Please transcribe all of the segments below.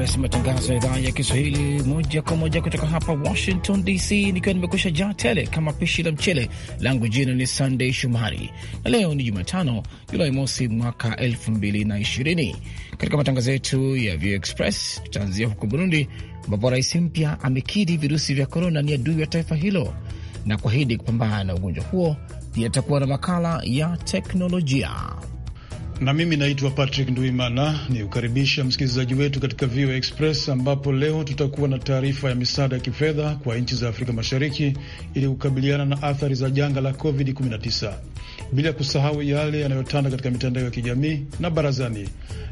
Express, matangazo ya idhaa ya Kiswahili moja kwa moja kutoka hapa Washington DC, nikiwa nimekusha jaa tele kama pishi la mchele langu. Jina ni Sunday Shumari na leo ni Jumatano, Julai mosi mwaka 220 Katika matangazo yetu ya VOA Express tutaanzia huko Burundi, ambapo rais mpya amekiri virusi vya korona ni adui wa taifa hilo na kuahidi kupambana na ugonjwa huo. Pia atakuwa na makala ya teknolojia na mimi naitwa Patrick Nduimana, ni kukaribisha msikilizaji wetu katika VOA Express ambapo leo tutakuwa na taarifa ya misaada ya kifedha kwa nchi za Afrika Mashariki ili kukabiliana na athari za janga la COVID-19, bila kusahau yale yanayotanda katika mitandao ya kijamii na barazani.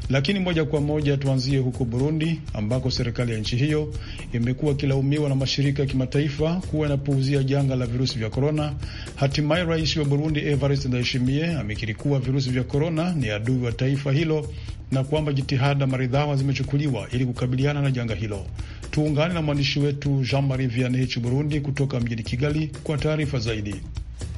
Lakini moja kwa moja tuanzie huko Burundi, ambako serikali ya nchi hiyo imekuwa ikilaumiwa na mashirika ya kimataifa kuwa inapuuzia janga la virusi vya korona. Hatimaye rais wa Burundi Evariste Ndayishimiye amekiri kuwa virusi vya korona ni adui wa taifa hilo na kwamba jitihada maridhawa zimechukuliwa ili kukabiliana na janga hilo. Tuungane na mwandishi wetu Jean Marie Vianney Burundi kutoka mjini Kigali kwa taarifa zaidi.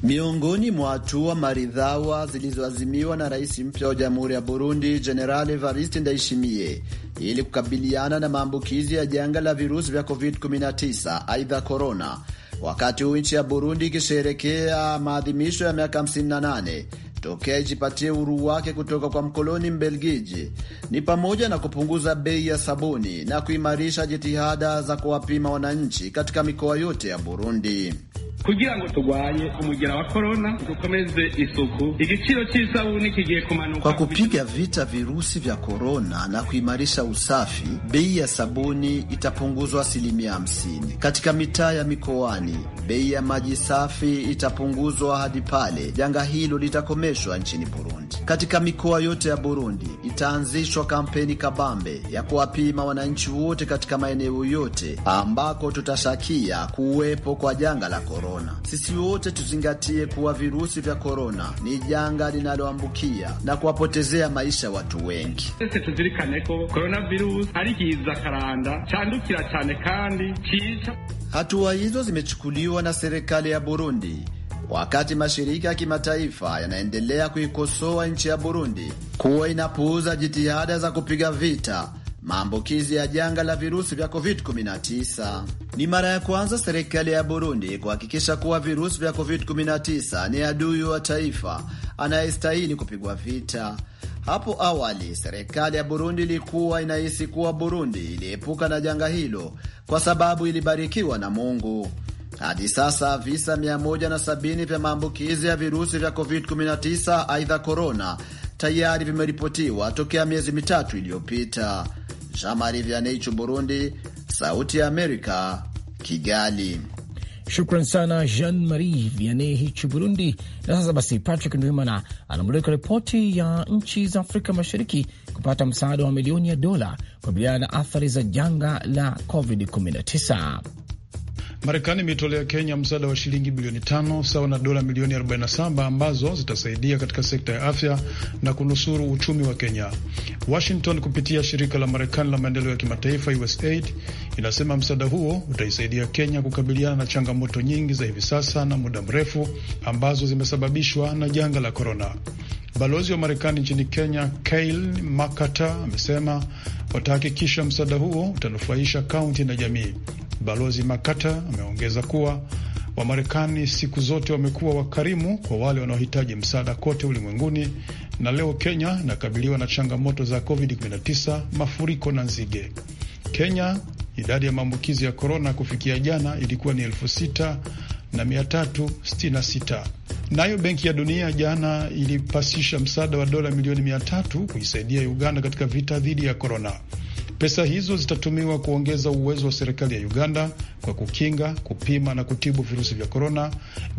Miongoni mwa hatua maridhawa zilizoazimiwa na rais mpya wa jamhuri ya Burundi Jenerali Evariste Ndayishimiye ili kukabiliana na maambukizi ya janga la virusi vya COVID-19 aidha korona, wakati huu nchi ya Burundi ikisherekea maadhimisho ya miaka 58 tokea ijipatie uhuru wake kutoka kwa mkoloni Mbelgiji ni pamoja na kupunguza bei ya sabuni na kuimarisha jitihada za kuwapima wananchi katika mikoa yote ya Burundi kugira ngo tugwanye umugera wa korona dukomeze isuku igiciro cy'isabuni kigiye kumanuka. Kwa kupiga vita virusi vya korona na kuimarisha usafi, bei ya sabuni itapunguzwa asilimia 50 katika mitaa ya mikoani. Bei ya maji safi itapunguzwa hadi pale janga hilo litakomea kuendeshwa nchini Burundi. Katika mikoa yote ya Burundi itaanzishwa kampeni kabambe ya kuwapima wananchi wote katika maeneo yote ambako tutashakia kuwepo kwa janga la korona. Sisi wote tuzingatie kuwa virusi vya korona ni janga linaloambukia na kuwapotezea maisha watu wengi. Sisi tuzirikane ko ari kiza karanda chandukira cyane kandi Hatua hizo zimechukuliwa na serikali ya Burundi wakati mashirika ya kimataifa yanaendelea kuikosoa nchi ya Burundi kuwa inapuuza jitihada za kupiga vita maambukizi ya janga la virusi vya COVID-19. Ni mara ya kwanza serikali ya Burundi kuhakikisha kuwa virusi vya COVID-19 ni adui wa taifa anayestahili kupigwa vita. Hapo awali serikali ya Burundi ilikuwa inahisi kuwa Burundi iliepuka na janga hilo kwa sababu ilibarikiwa na Mungu. Hadi sasa visa 170 vya maambukizi ya virusi vya COVID-19 aidha korona tayari vimeripotiwa tokea miezi mitatu iliyopita. Jamari marie Burundi, Sauti ya Amerika, Kigali. Shukran sana Jean Marie Vianney hichu Burundi. Na sasa basi, Patrick Ndwimana anamulika ripoti ya nchi za Afrika Mashariki kupata msaada wa milioni ya dola kukabiliana na athari za janga la COVID-19. Marekani imetolea Kenya msaada wa shilingi bilioni tano sawa na dola milioni 47 ambazo zitasaidia katika sekta ya afya na kunusuru uchumi wa Kenya. Washington kupitia shirika la Marekani la maendeleo ya kimataifa USAID inasema msaada huo utaisaidia Kenya kukabiliana na changamoto nyingi za hivi sasa na muda mrefu ambazo zimesababishwa na janga la korona. Balozi wa Marekani nchini Kenya Kail Makata amesema watahakikisha msaada huo utanufaisha kaunti na jamii. Balozi Makata ameongeza kuwa Wamarekani siku zote wamekuwa wakarimu kwa wale wanaohitaji msaada kote ulimwenguni, na leo Kenya inakabiliwa na changamoto za COVID-19, mafuriko na nzige. Kenya, idadi ya maambukizi ya korona kufikia jana ilikuwa ni elfu sita na mia tatu sitini na sita. Nayo Benki ya Dunia jana ilipasisha msaada wa dola milioni mia tatu kuisaidia Uganda katika vita dhidi ya korona. Pesa hizo zitatumiwa kuongeza uwezo wa serikali ya Uganda kwa kukinga, kupima na kutibu virusi vya korona,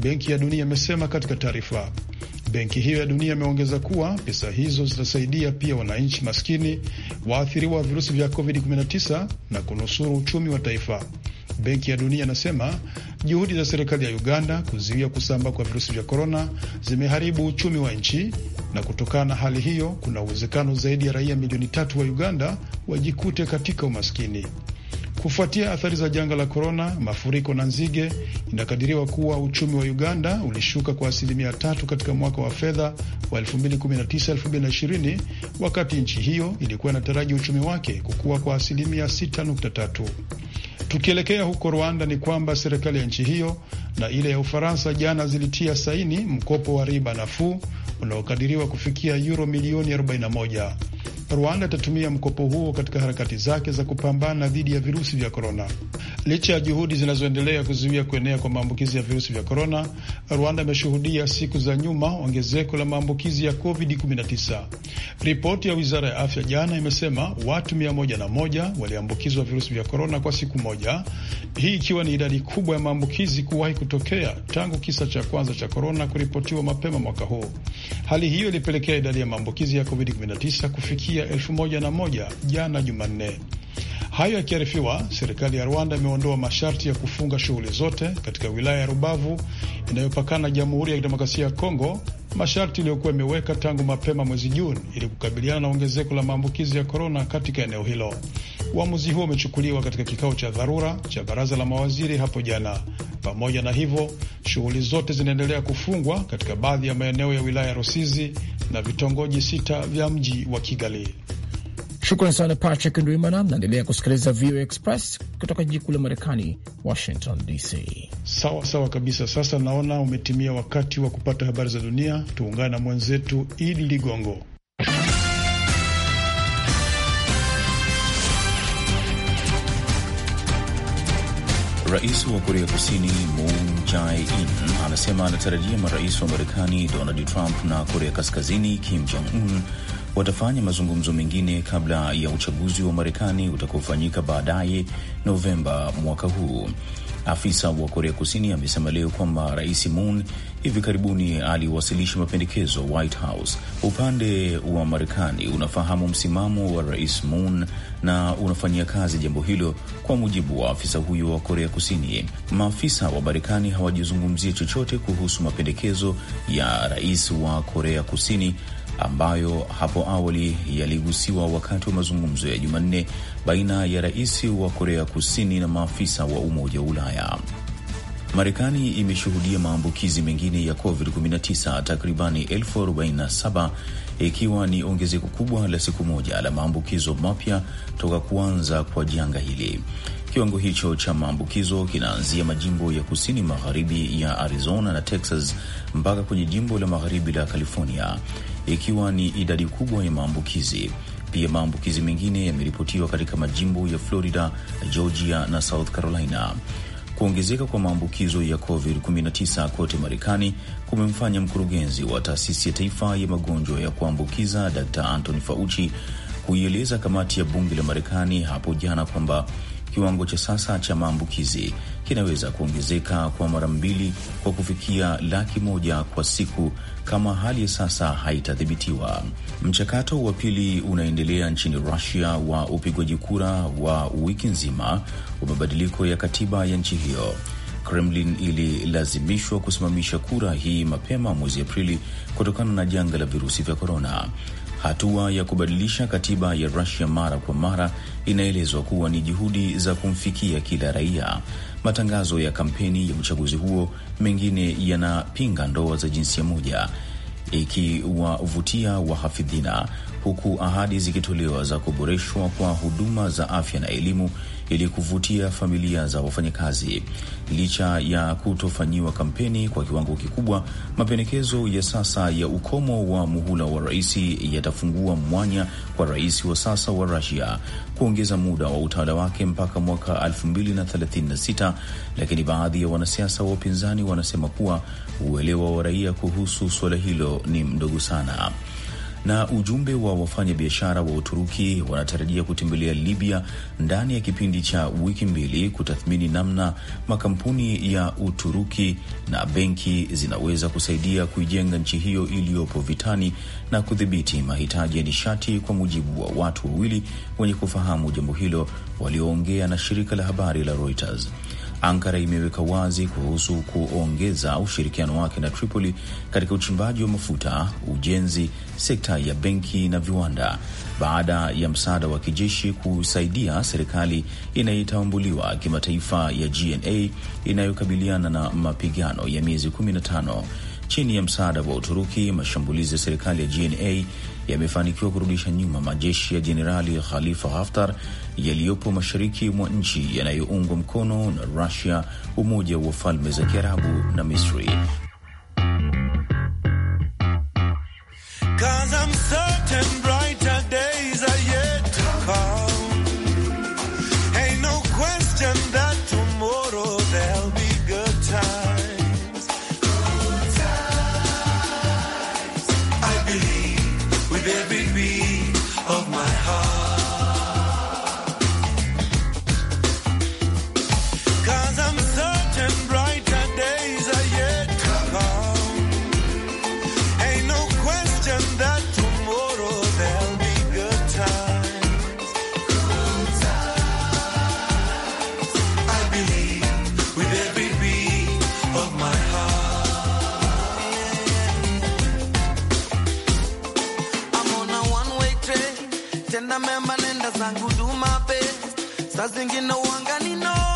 Benki ya Dunia imesema katika taarifa. Benki hiyo ya Dunia imeongeza kuwa pesa hizo zitasaidia pia wananchi maskini waathiriwa wa virusi vya COVID-19 na kunusuru uchumi wa taifa. Benki ya Dunia inasema juhudi za serikali ya Uganda kuzuia kusambaa kwa virusi vya korona zimeharibu uchumi wa nchi na kutokana na hali hiyo kuna uwezekano zaidi ya raia milioni tatu wa Uganda wajikute katika umaskini. Kufuatia athari za janga la korona, mafuriko na nzige, inakadiriwa kuwa uchumi wa Uganda ulishuka kwa asilimia tatu katika mwaka wa fedha wa 2019/2020 wakati nchi hiyo ilikuwa inataraji uchumi wake kukua kwa asilimia 6.3. Tukielekea huko Rwanda ni kwamba serikali ya nchi hiyo na ile ya Ufaransa jana zilitia saini mkopo wa riba nafuu unaokadiriwa kufikia euro milioni 41. Rwanda itatumia mkopo huo katika harakati zake za kupambana dhidi ya virusi vya korona. Licha ya juhudi zinazoendelea kuzuia kuenea kwa maambukizi ya virusi vya korona, Rwanda imeshuhudia siku za nyuma ongezeko la maambukizi ya COVID-19. Ripoti ya wizara ya afya jana imesema watu 101 waliambukizwa virusi vya korona kwa siku moja, hii ikiwa ni idadi kubwa ya maambukizi kuwahi kutokea tangu kisa cha kwanza cha korona kuripotiwa mapema mwaka huu. Hali hiyo ilipelekea idadi ya maambukizi ya COVID-19 kufikia wapya elfu moja na moja jana Jumanne. Hayo yakiarifiwa, serikali ya Rwanda imeondoa masharti ya kufunga shughuli zote katika wilaya ya Rubavu inayopakana na Jamhuri ya Kidemokrasia ya Kongo, masharti iliyokuwa imeweka tangu mapema mwezi Juni ili kukabiliana na ongezeko la maambukizi ya korona katika eneo hilo. Uamuzi huo umechukuliwa katika kikao cha dharura cha baraza la mawaziri hapo jana. Pamoja na hivyo, shughuli zote zinaendelea kufungwa katika baadhi ya maeneo ya wilaya ya Rusizi na vitongoji sita vya mji wa Kigali. Shukrani sana Patrick Ndwimana. Naendelea kusikiliza VOA Express kutoka jiji kuu la Marekani, Washington DC. Sawa sawa kabisa. Sasa naona umetimia wakati wa kupata habari za dunia. Tuungane na mwenzetu Idi Ligongo. Rais wa Korea Kusini Moon Jae-in anasema anatarajia marais wa Marekani Donald Trump na Korea Kaskazini Kim Jong-un watafanya mazungumzo mengine kabla ya uchaguzi wa Marekani utakaofanyika baadaye Novemba mwaka huu. Afisa wa Korea Kusini amesema leo kwamba Rais Moon hivi karibuni aliwasilisha mapendekezo White House. Upande wa Marekani unafahamu msimamo wa Rais Moon na unafanyia kazi jambo hilo, kwa mujibu wa afisa huyo wa Korea Kusini. Maafisa wa Marekani hawajizungumzia chochote kuhusu mapendekezo ya rais wa Korea Kusini ambayo hapo awali yaligusiwa wakati wa mazungumzo ya Jumanne baina ya rais wa Korea Kusini na maafisa wa Umoja wa Ulaya. Marekani imeshuhudia maambukizi mengine ya COVID-19 takribani elfu arobaini na saba ikiwa ni ongezeko kubwa la siku moja la maambukizo mapya toka kuanza kwa janga hili. Kiwango hicho cha maambukizo kinaanzia majimbo ya kusini magharibi ya Arizona na Texas mpaka kwenye jimbo la magharibi la California ikiwa ni idadi kubwa ya maambukizi. Pia maambukizi mengine yameripotiwa katika majimbo ya Florida, Georgia na South Carolina. Kuongezeka kwa maambukizo ya COVID-19 kote Marekani kumemfanya mkurugenzi wa taasisi ya taifa ya magonjwa ya kuambukiza Dr Anthony Fauci kuieleza kamati ya bunge la Marekani hapo jana kwamba kiwango cha sasa cha maambukizi kinaweza kuongezeka kwa mara mbili kwa kufikia laki moja kwa siku kama hali ya sasa haitadhibitiwa. Mchakato wa pili unaendelea nchini Rusia wa upigwaji kura wa wiki nzima wa mabadiliko ya katiba ya nchi hiyo. Kremlin ililazimishwa kusimamisha kura hii mapema mwezi Aprili kutokana na janga la virusi vya korona. Hatua ya kubadilisha katiba ya Rusia mara kwa mara inaelezwa kuwa ni juhudi za kumfikia kila raia. Matangazo ya kampeni ya uchaguzi huo mengine yanapinga ndoa za jinsia moja ikiwavutia wahafidhina, huku ahadi zikitolewa za kuboreshwa kwa huduma za afya na elimu ili kuvutia familia za wafanyakazi. Licha ya kutofanyiwa kampeni kwa kiwango kikubwa, mapendekezo ya sasa ya ukomo wa muhula wa rais yatafungua mwanya kwa rais wa sasa wa Rusia kuongeza muda wa utawala wake mpaka mwaka 2036, lakini baadhi ya wanasiasa wa upinzani wanasema kuwa uelewa wa raia kuhusu suala hilo ni mdogo sana. Na ujumbe wa wafanyabiashara wa Uturuki wanatarajia kutembelea Libya ndani ya kipindi cha wiki mbili kutathmini namna makampuni ya Uturuki na benki zinaweza kusaidia kuijenga nchi hiyo iliyopo vitani na kudhibiti mahitaji ya nishati, kwa mujibu wa watu wawili wenye kufahamu jambo hilo walioongea na shirika la habari la Reuters. Ankara imeweka wazi kuhusu kuongeza ushirikiano wake na Tripoli katika uchimbaji wa mafuta, ujenzi, sekta ya benki na viwanda, baada ya msaada wa kijeshi kusaidia serikali inayotambuliwa kimataifa ya GNA inayokabiliana na mapigano ya miezi 15 chini ya msaada wa Uturuki. Mashambulizi ya serikali ya GNA yamefanikiwa kurudisha nyuma majeshi ya Jenerali Khalifa Haftar yaliyopo mashariki mwa nchi yanayoungwa mkono na Rusia, Umoja wa Falme za Kiarabu na Misri saa zingine uanganino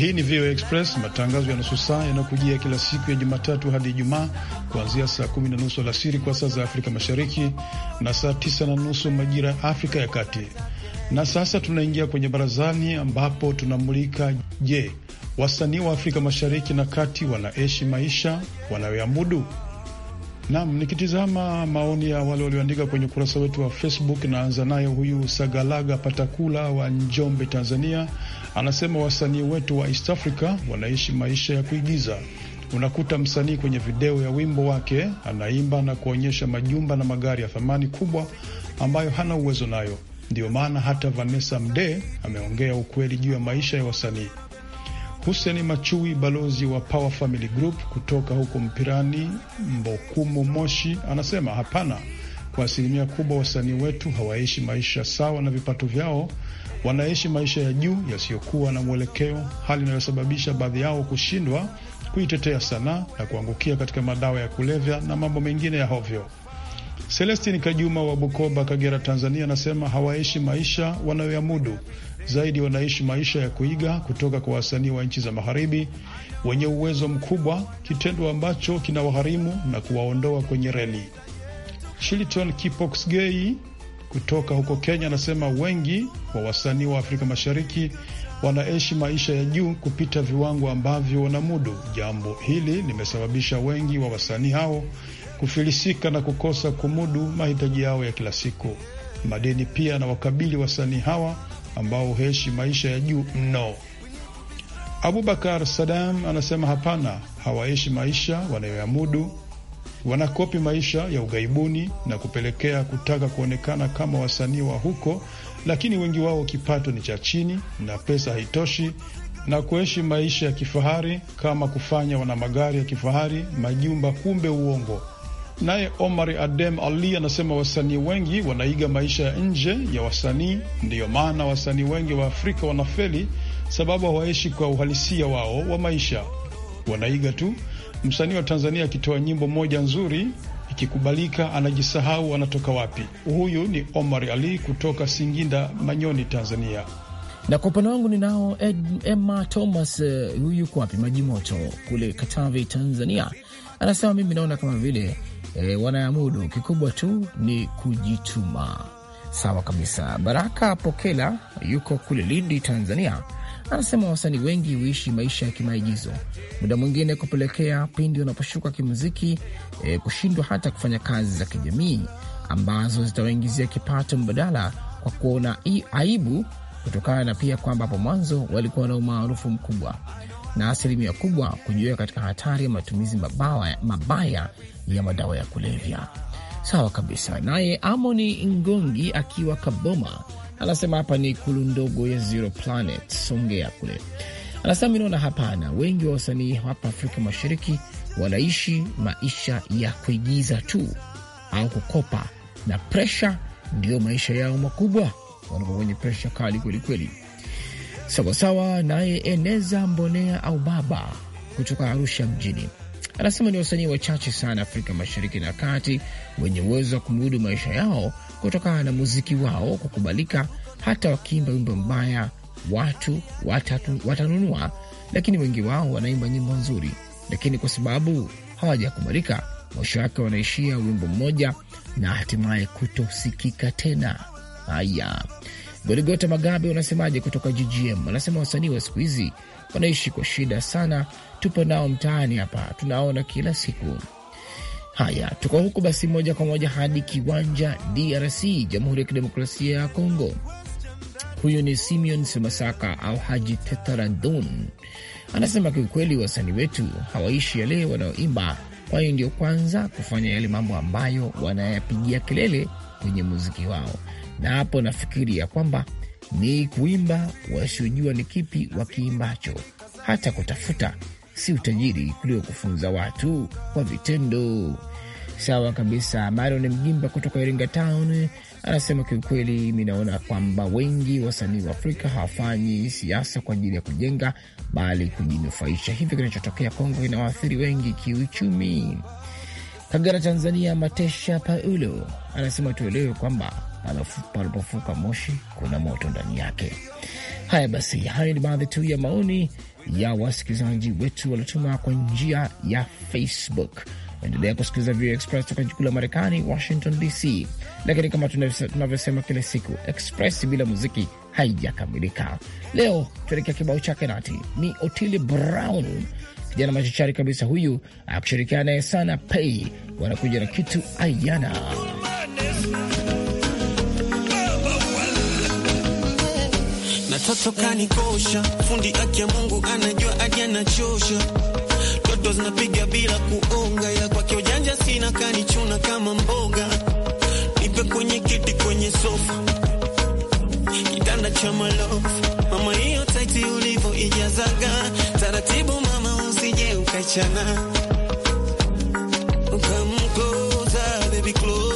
Hii ni VOA Express, matangazo ya nusu saa yanakujia kila siku ya Jumatatu hadi Ijumaa, kuanzia saa kumi na nusu alasiri kwa saa za Afrika Mashariki na saa tisa na nusu majira ya Afrika ya Kati. Na sasa tunaingia kwenye barazani, ambapo tunamulika je, wasanii wa Afrika Mashariki na Kati wanaishi maisha wanayoyamudu? Nam, nikitizama maoni ya wale walioandika kwenye ukurasa wetu wa Facebook, naanza nayo huyu Sagalaga Patakula wa Njombe, Tanzania. Anasema wasanii wetu wa East Africa wanaishi maisha ya kuigiza. Unakuta msanii kwenye video ya wimbo wake anaimba na kuonyesha majumba na magari ya thamani kubwa ambayo hana uwezo nayo. Ndiyo maana hata Vanessa Mdee ameongea ukweli juu ya maisha ya wasanii. Huseni Machui, balozi wa Power Family Group kutoka huko Mpirani, Mbokumo, Moshi, anasema hapana, kwa asilimia kubwa wasanii wetu hawaishi maisha sawa na vipato vyao, wanaishi maisha ya juu yasiyokuwa na mwelekeo, hali inayosababisha baadhi yao kushindwa kuitetea sanaa na kuangukia katika madawa ya kulevya na mambo mengine ya hovyo. Celestin Kajuma wa Bukoba, Kagera, Tanzania, anasema hawaishi maisha wanayoyamudu zaidi wanaishi maisha ya kuiga kutoka kwa wasanii wa nchi za magharibi wenye uwezo mkubwa, kitendo ambacho kinawaharimu na kuwaondoa kwenye reli. Shilton Kipoksgei kutoka huko Kenya anasema wengi wa wasanii wa Afrika Mashariki wanaishi maisha ya juu kupita viwango ambavyo wanamudu. Jambo hili limesababisha wengi wa wasanii hao kufilisika na kukosa kumudu mahitaji yao ya kila siku. Madeni pia na wakabili wasanii hawa ambao huheshi maisha ya juu mno. Abubakar Sadam anasema hapana, hawaishi maisha wanayoyamudu, wanakopi maisha ya ughaibuni na kupelekea kutaka kuonekana kama wasanii wa huko, lakini wengi wao kipato ni cha chini na pesa haitoshi, na kuishi maisha ya kifahari kama kufanya wana magari ya kifahari, majumba, kumbe uongo. Naye omar Adem Ali anasema wasanii wengi wanaiga maisha ya nje ya wasanii, ndiyo maana wasanii wengi wa Afrika wanafeli, sababu hawaishi kwa uhalisia wao wa maisha, wanaiga tu. Msanii wa Tanzania akitoa nyimbo moja nzuri ikikubalika, anajisahau anatoka wapi. Huyu ni omar Ali kutoka Singinda, Manyoni, Tanzania. Na kwa upande wangu ninao Ed, Emma Thomas huyu eh, uh, kwapi Majimoto kule Katavi, Tanzania, anasema mimi naona kama vile e, wanayamudu. Kikubwa tu ni kujituma. Sawa kabisa. Baraka Pokela yuko kule Lindi, Tanzania, anasema wasanii wengi huishi maisha ya kimaigizo, muda mwingine kupelekea pindi wanaposhuka kimuziki e, kushindwa hata kufanya kazi za kijamii ambazo zitawaingizia kipato mbadala kwa kuona aibu, kutokana na pia kwamba hapo mwanzo walikuwa na umaarufu mkubwa na asilimia kubwa kujiweka katika hatari ya matumizi mabaya, mabaya ya madawa ya kulevya. Sawa kabisa. Naye Amoni Ngongi akiwa Kaboma anasema hapa ni ikulu ndogo ya Zero Planet Songea kule, anasema minaona hapana, wengi wa wasanii hapa Afrika Mashariki wanaishi maisha ya kuigiza tu au kukopa, na presha ndiyo maisha yao makubwa. Wanakuwa kwenye presha kali kwelikweli. Sawasawa. Naye Eneza Mbonea au Baba kutoka Arusha mjini anasema ni wasanii wachache sana Afrika Mashariki na Kati wenye uwezo wa kumudu maisha yao kutokana na muziki wao kukubalika. Hata wakiimba wimbo mbaya watu watatu watanunua, lakini wengi wao wanaimba nyimbo nzuri, lakini kwa sababu hawajakubalika, mwisho wake wanaishia wimbo mmoja na hatimaye kutosikika tena. Haya, Goligota Magabe unasemaje kutoka GGM? Anasema wasanii wa siku hizi wanaishi kwa shida sana, tupo nao mtaani hapa, tunaona kila siku. Haya, tuko huku basi, moja kwa moja hadi Kiwanja DRC, Jamhuri ya Kidemokrasia ya Kongo. Huyu ni Simeon Semasaka au Haji Tetarandun, anasema kiukweli, wasanii wetu hawaishi yale wanaoimba, kwani ndio kwanza kufanya yale mambo ambayo wanayapigia kelele kwenye muziki wao na hapo nafikiri ya kwamba ni kuimba, wasiojua ni kipi wakiimbacho, hata kutafuta si utajiri kulio kufunza watu kwa vitendo. Sawa kabisa. Marion Mgimba kutoka Iringa Town anasema kiukweli, mi naona kwamba wengi wasanii wa Afrika hawafanyi siasa kwa ajili ya kujenga, bali kujinufaisha. Hivyo kinachotokea Kongo inawaathiri wengi kiuchumi. Kagera, Tanzania, Matesha Paulo anasema tuelewe kwamba panapofuka moshi kuna moto ndani yake. Haya basi, hayo ni baadhi tu ya maoni ya wasikilizaji wetu waliotuma kwa njia ya Facebook. Endelea kusikiliza VOA Express toka jukuu la Marekani, Washington DC. Lakini kama tunavyosema kila siku, Express bila muziki haijakamilika. Leo tuelekea kibao chake nati ni Otile Brown, kijana machachari kabisa huyu, akushirikiana naye sana Pay, wanakuja na kitu ayana mtoto kanikosha, fundi aki ya Mungu anajua hadi anachosha. Toto zinapiga bila kuonga, ya kwake ujanja sina, kanichuna kama mboga. Nipe kwenye kiti, kwenye sofa, kitanda cha malofu. Mama hiyo taiti ulivyo ijazaga, taratibu mama, usije ukachana ukamkoza baby close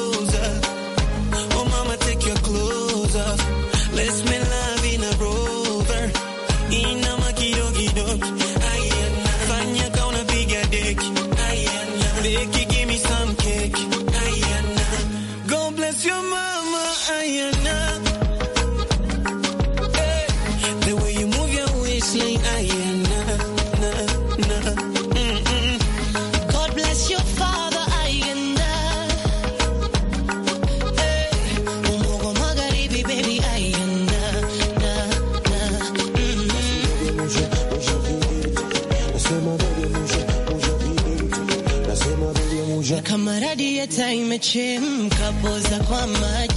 my mind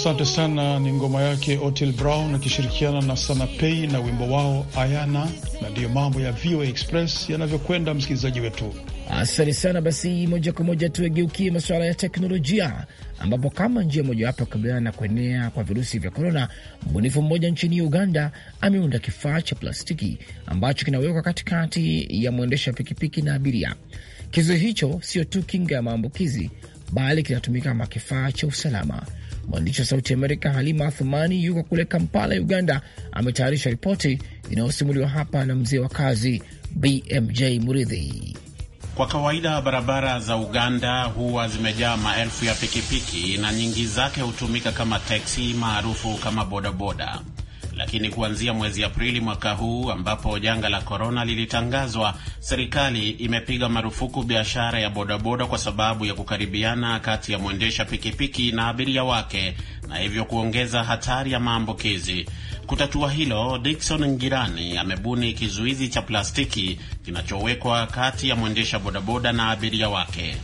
Asante sana. Ni ngoma yake Otil Brown akishirikiana na Sanapei na wimbo wao Ayana. Na ndiyo mambo ya VOA Express yanavyokwenda, msikilizaji wetu. Asante sana. Basi moja kwa moja tuegeukie masuala ya teknolojia, ambapo kama njia mojawapo ya kukabiliana na kuenea kwa virusi vya korona, mbunifu mmoja nchini Uganda ameunda kifaa cha plastiki ambacho kinawekwa katikati ya mwendesha pikipiki na abiria. Kizuio hicho sio tu kinga ya maambukizi, bali kinatumika kama kifaa cha usalama. Mwandishi wa Sauti Amerika Halima Athumani yuko kule Kampala, Uganda, ametayarisha ripoti inayosimuliwa hapa na mzee wa kazi BMJ Muridhi. Kwa kawaida barabara za Uganda huwa zimejaa maelfu ya pikipiki na nyingi zake hutumika kama teksi maarufu kama bodaboda lakini kuanzia mwezi Aprili mwaka huu ambapo janga la korona lilitangazwa, serikali imepiga marufuku biashara ya bodaboda kwa sababu ya kukaribiana kati ya mwendesha pikipiki na abiria wake na hivyo kuongeza hatari ya maambukizi. Kutatua hilo, dikson Ngirani amebuni kizuizi cha plastiki kinachowekwa kati ya mwendesha bodaboda na abiria wake.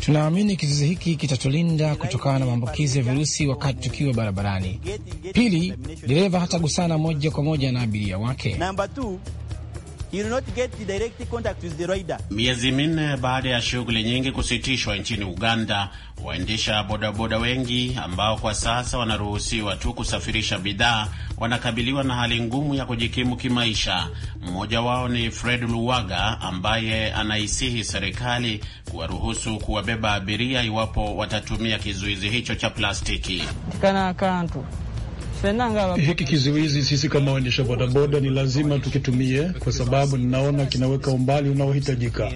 Tunaamini kizuizi hiki kitatulinda kutokana na maambukizi ya virusi wakati tukiwa barabarani. Pili, dereva hatagusana moja kwa moja na abiria wake. You will not get the direct contact with the rider. Miezi minne baada ya shughuli nyingi kusitishwa nchini Uganda, waendesha bodaboda wengi ambao kwa sasa wanaruhusiwa tu kusafirisha bidhaa wanakabiliwa na hali ngumu ya kujikimu kimaisha. Mmoja wao ni Fred Luwaga ambaye anaisihi serikali kuwaruhusu kuwabeba abiria iwapo watatumia kizuizi hicho cha plastiki. Kana kantu hiki kizuizi sisi kama waendesha bodaboda ni lazima tukitumie, kwa sababu ninaona kinaweka umbali unaohitajika.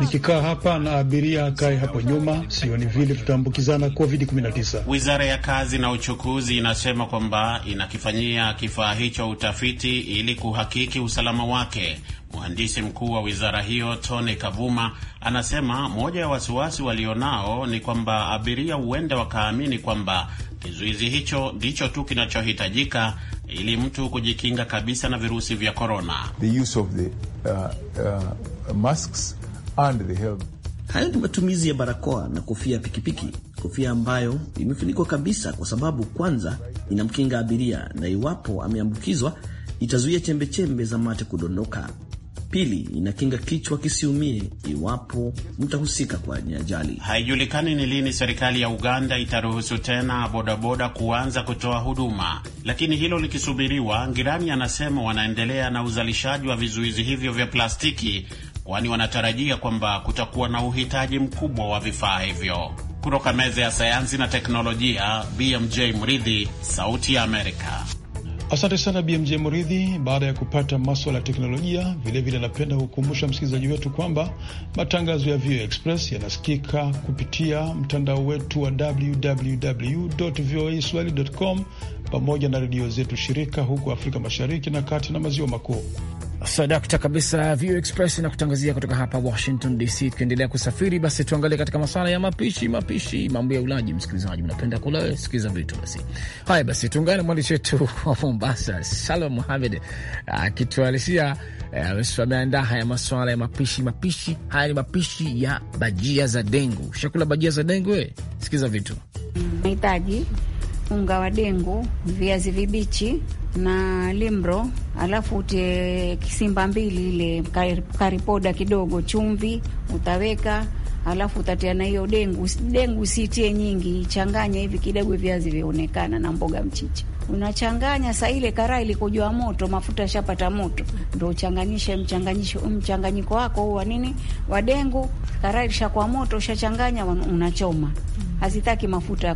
Nikikaa hapa na abiria akae hapo nyuma, sioni vile tutaambukizana COVID-19. Wizara ya Kazi na Uchukuzi inasema kwamba inakifanyia kifaa hicho utafiti ili kuhakiki usalama wake. Mhandisi mkuu wa wizara hiyo Tony Kavuma anasema moja ya wasiwasi walionao ni kwamba abiria huenda wakaamini kwamba Kizuizi hicho ndicho tu kinachohitajika ili mtu kujikinga kabisa na virusi vya korona. Uh, uh, Hayo ni matumizi ya barakoa na kofia pikipiki, kofia ambayo imefunikwa kabisa, kwa sababu kwanza inamkinga abiria, na iwapo ameambukizwa itazuia chembechembe za mate kudondoka. Pili, inakinga kichwa kisiumie iwapo mtahusika kwenye ajali. Haijulikani ni lini serikali ya Uganda itaruhusu tena bodaboda kuanza kutoa huduma, lakini hilo likisubiriwa, Ngirani anasema wanaendelea na uzalishaji wa vizuizi hivyo vya plastiki, kwani wanatarajia kwamba kutakuwa na uhitaji mkubwa wa vifaa hivyo. Kutoka meza ya sayansi na teknolojia, BMJ Mridhi, Sauti ya Amerika. Asante sana BMJ Muridhi. Baada ya kupata maswala ya teknolojia, vilevile vile kukumbusha msikilizaji wetu kwamba matangazo ya VOA Express yanasikika kupitia mtandao wetu wa www voa swahili com pamoja na redio zetu shirika huko Afrika Mashariki na kati na maziwa makuu sadakta kabisa. Vio Express na kutangazia kutoka hapa Washington DC. Tukiendelea kusafiri, basi tuangalie katika masuala ya mapishi, mapishi, mambo ya ulaji. Msikilizaji, mnapenda kula, sikiliza vitu basi. Haya basi, tuungane na mwandishi wetu wa Mombasa, Salom Muhamed akitualisia eh, ameandaa haya masuala ya mapishi. Mapishi haya ni mapishi ya bajia za dengu. Shakula bajia za dengu? E, sikiza vitu mahitaji unga wa dengu, viazi vibichi na limro, alafu utie kisimba mbili ile karipoda kidogo, chumvi utaweka, alafu utatia na hiyo dengu. Dengu usitie nyingi, changanya hivi kidogo, viazi vionekana na mboga mchicha unachanganya. Saa ile karaa ilikujua moto, mafuta yashapata moto, ndo uchanganyishe mchanganyisho mchanganyiko wako huu wa nini, wadengu. Karaa ilishakuwa moto, ushachanganya, unachoma hazitaki mafuta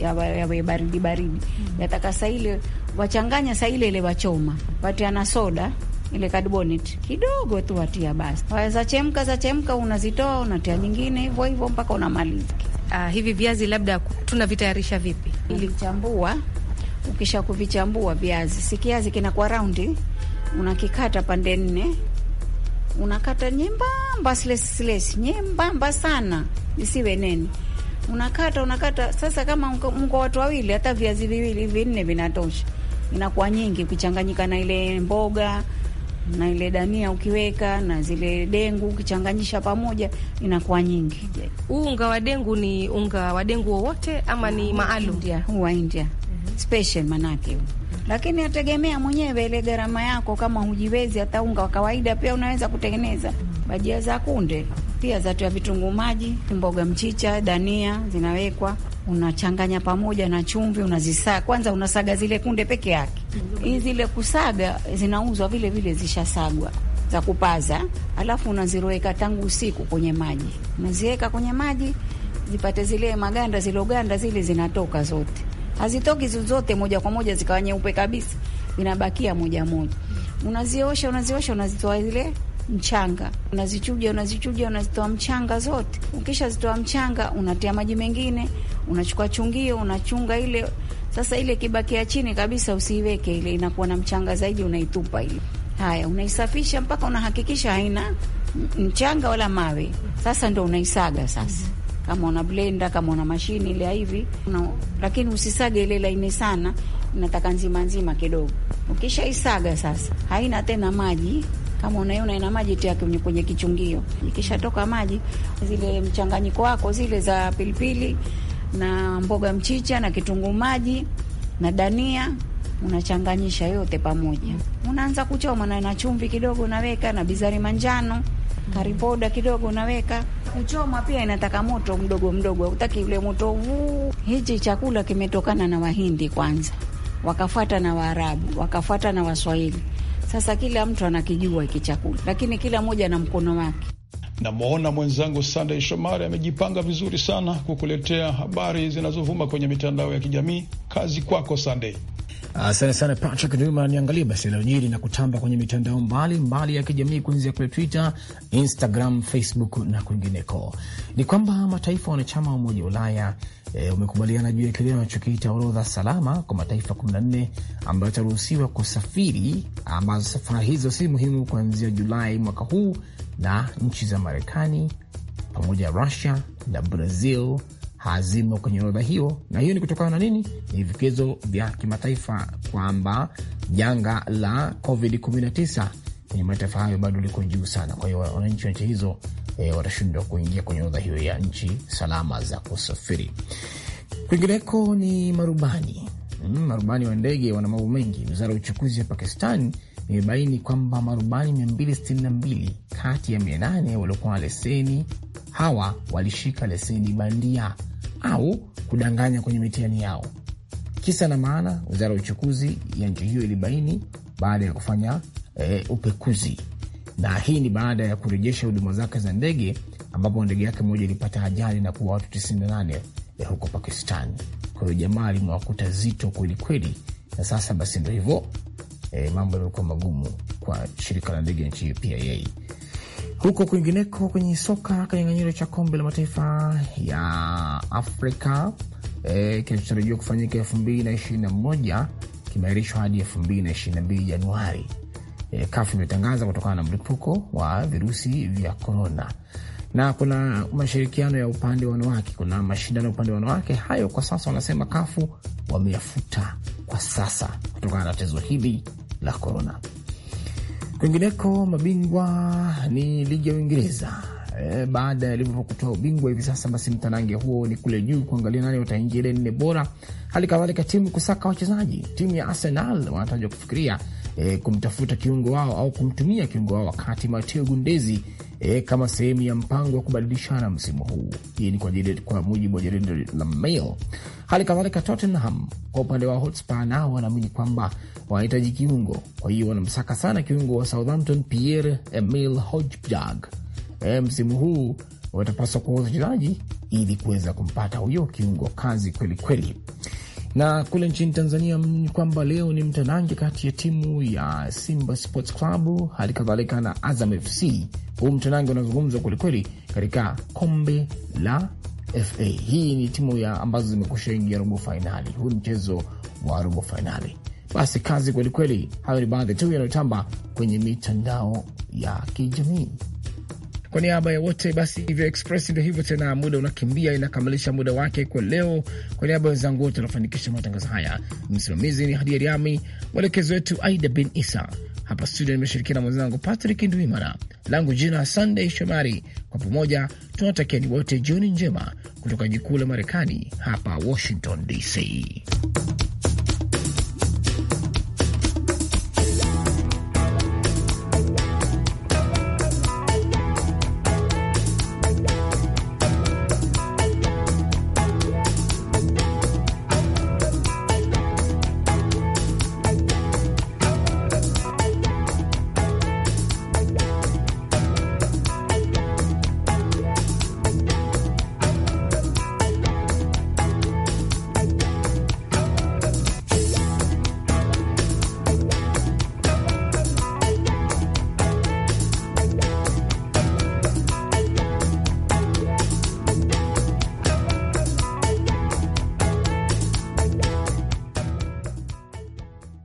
ya yawe baridi baridi, yataka saa ile wachanganya, saa ile ile wachoma, watiana soda ile carbonate kidogo tu watia, basi waweza zachemka, unazitoa unatia nyingine, hivyo hivyo mpaka unamaliza. Uh, hivi viazi labda tunavitayarisha vipi? Ilichambua Ukisha kuvichambua viazi, si kiazi kinakuwa raundi, unakikata pande nne, unakata nyembamba, silesisilesi, nyembamba sana, isiwe nene unakata unakata. Sasa kama mko watu wawili, hata viazi viwili vinne vinatosha, inakuwa nyingi ukichanganyika na ile mboga na ile dania ukiweka na zile dengu ukichanganyisha pamoja, inakuwa nyingi. Huu unga wa dengu ni unga wa dengu wowote ama ni maalum? wa India, India special manake, lakini ategemea mwenyewe ile gharama yako. Kama hujiwezi, hata unga wa kawaida pia unaweza kutengeneza bajia za kunde, pia ya vitunguu maji, mboga, mchicha, dania zinawekwa unachanganya pamoja na chumvi, unazisaga kwanza, unasaga zile kunde peke yake. Hii zile kusaga zinauzwa vile vile zishasagwa za kupaza, alafu unaziroeka tangu usiku kwenye maji, unaziweka kwenye maji zipate zile maganda, ziloganda zile zinatoka zote hazitoki zote moja kwa moja zikawa nyeupe kabisa, inabakia moja moja. Unaziosha, unaziosha, unazitoa ile mchanga, unazichuja, unazichuja, unazitoa mchanga zote. zitoa mchanga, unatia maji mengine, unachukua chungio, unachunga ile sasa. Ile kibakia chini kabisa usiiweke, ile inakuwa na mchanga zaidi, unaitupa ile. Haya, unaisafisha mpaka unahakikisha haina mchanga wala mawe. Sasa ndo unaisaga sasa kama una blender, kama una mashini ile hivi no. Lakini usisage ile laini sana, nataka nzima nzima kidogo. Ukishaisaga sasa, haina tena maji kama unaiona ina maji tia kwenye, kwenye kichungio. Ikishatoka maji, zile mchanganyiko wako zile za pilipili na mboga mchicha na kitunguu maji na dania unachanganyisha yote pamoja, unaanza kuchoma na na chumvi kidogo unaweka na bizari manjano karipoda kidogo unaweka. Kuchoma pia inataka moto mdogo mdogo, hautaki ule moto vuu. Hichi chakula kimetokana na Wahindi kwanza, wakafuata na Waarabu, wakafuata na Waswahili. Sasa kila mtu anakijua hiki chakula, lakini kila mmoja na mkono wake. Namwona mwenzangu Sandey Shomari amejipanga vizuri sana kukuletea habari zinazovuma kwenye mitandao ya kijamii. Kazi kwako Sandey. Asante ah, sana Patrick Numa. Niangalie basi yaliyojiri na kutamba kwenye mitandao mbalimbali mbali ya kijamii kuanzia kule Twitter, Instagram, Facebook na kwingineko, ni kwamba mataifa wanachama wa Umoja wa Ulaya e, eh, umekubaliana juu ya kile wanachokiita orodha salama kwa mataifa 14 ambayo yataruhusiwa kusafiri, ambazo safari hizo si muhimu kuanzia Julai mwaka huu, na nchi za Marekani pamoja na Rusia na Brazil hazimo kwenye orodha hiyo, na hiyo ni kutokana na nini? Ni vikwazo vya kimataifa, kwamba janga la COVID-19 kwenye mataifa hayo bado liko juu sana. Kwa hiyo wananchi wa nchi hizo e, watashindwa kuingia kwenye orodha hiyo ya nchi salama za kusafiri. Kwingineko ni marubani mm, marubani wa ndege wana mambo mengi. Wizara ya uchukuzi ya Pakistan imebaini kwamba marubani 262 kati ya 800 waliokuwa na leseni hawa walishika leseni bandia au kudanganya kwenye mitihani yao. Kisa na maana, wizara ya uchukuzi ya nchi hiyo ilibaini baada ya kufanya e, upekuzi, na hii ni baada ya kurejesha huduma zake za ndege, ambapo ndege yake moja ilipata ajali na kuwa watu 98 eh, huko Pakistan. Kwa hiyo jamaa limewakuta zito kwelikweli, na sasa basi ndo hivyo e, mambo yamekuwa magumu kwa shirika la ndege ya nchi hiyo PIA. Huko kwingineko kwenye soka, kinyang'anyiro cha kombe la mataifa ya Afrika e, kinachotarajiwa kufanyika elfu mbili na ishirini na moja kimeahirishwa hadi elfu mbili na ishirini na mbili Januari. E, kafu imetangaza kutokana na mlipuko wa virusi vya korona, na kuna mashirikiano ya upande wa wanawake, kuna mashindano ya upande wa wanawake. Hayo kwa sasa wanasema kafu wameyafuta kwa sasa kutokana na tatizo hili la korona. Kwingineko, mabingwa ni ligi ya Uingereza e, baada ya Liverpool kutoa ubingwa hivi sasa, basi mtanange huo ni kule juu kuangalia nani wataingia ile nne bora. Hali kadhalika timu kusaka wachezaji, timu ya Arsenal wanatajwa kufikiria e, kumtafuta kiungo wao au kumtumia kiungo wao wakati Mateo Gundezi e, kama sehemu ya mpango wa kubadilishana msimu huu. Hii ni kwa, kwa mujibu wa jarida la Mail. Hali kadhalika Tottenham kwa upande wa Hotspur nao wanaamini kwamba wanahitaji kiungo, kwa hiyo wanamsaka sana kiungo wa Southampton Pierre Emil Hojbjerg. E, msimu huu watapaswa kuuza wachezaji ili kuweza kumpata huyo kiungo kazi kwelikweli kweli. Na kule nchini Tanzania ni kwamba leo ni mtanange kati ya timu ya Simba Sports Club hali kadhalika na Azam FC. Huu mtanange unazungumzwa kwelikweli katika kombe la FA. Hii ni timu ya ambazo zimekusha ingia robo fainali. Huu ni mchezo wa robo fainali. Basi kazi kwelikweli. Hayo ni baadhi tu yanayotamba kwenye mitandao ya kijamii. Kwa niaba ya wote, basi hivyo Express ndio hivyo tena, muda unakimbia, inakamilisha muda wake kwa leo. Kwa niaba ya wenzangu wote wanafanikisha matangazo haya, msimamizi ni Hadia Riami, mwelekezo wetu Aida Bin Isa. Hapa studio nimeshirikiana mwenzangu Patrick Ndwimana, langu jina Sunday Shomari. Kwa pamoja ni wote jioni njema kutoka jikuu la Marekani, hapa Washington DC.